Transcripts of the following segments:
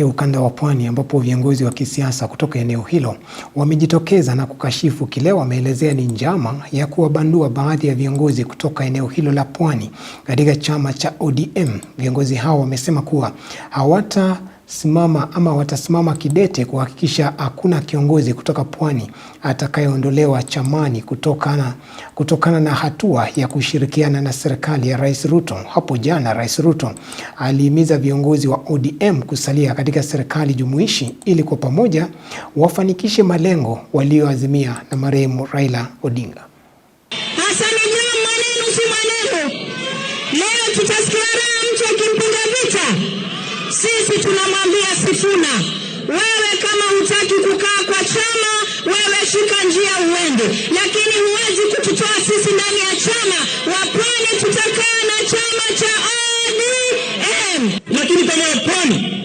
Ukanda wa Pwani ambapo viongozi wa kisiasa kutoka eneo hilo wamejitokeza na kukashifu kile wameelezea ni njama ya kuwabandua baadhi ya viongozi kutoka eneo hilo la Pwani katika chama cha ODM. Viongozi hao wamesema kuwa hawata simama ama watasimama kidete kuhakikisha hakuna kiongozi kutoka pwani atakayeondolewa chamani kutokana, kutokana na hatua ya kushirikiana na serikali ya Rais Ruto. Hapo jana Rais Ruto alihimiza viongozi wa ODM kusalia katika serikali jumuishi ili kwa pamoja wafanikishe malengo walioazimia na marehemu Raila Odinga. kufuna. Wewe kama hutaki kukaa kwa chama, wewe shika njia uende, lakini huwezi kututoa sisi ndani ya chama. Wapwani tutakaa na chama cha ODM, lakini kama wapwani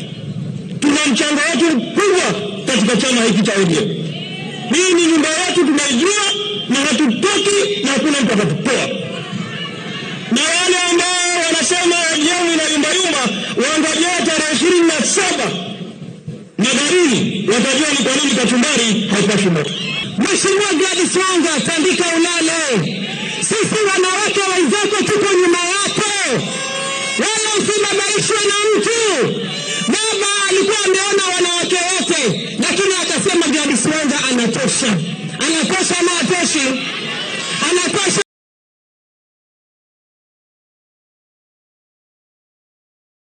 tuna mchango wetu mkubwa katika chama hiki cha ODM. Hii ni nyumba yetu, tunaijua na hatutoki na hakuna mtu atatutoa. Na wale ambao wanasema ODM ina yumbayumba, wangojea tarehe ishirini na saba nini? Watajua ni kwa nini kachumbari haikuwa moto. Mheshimiwa Gladys Wanga, tandika ulale. Sisi wanawake wenzako tuko nyuma yako, wala usibabaishwe na mtu. Baba alikuwa ameona wanawake wote, lakini akasema Gladys Wanga anatosha. Anatosha ama atoshi?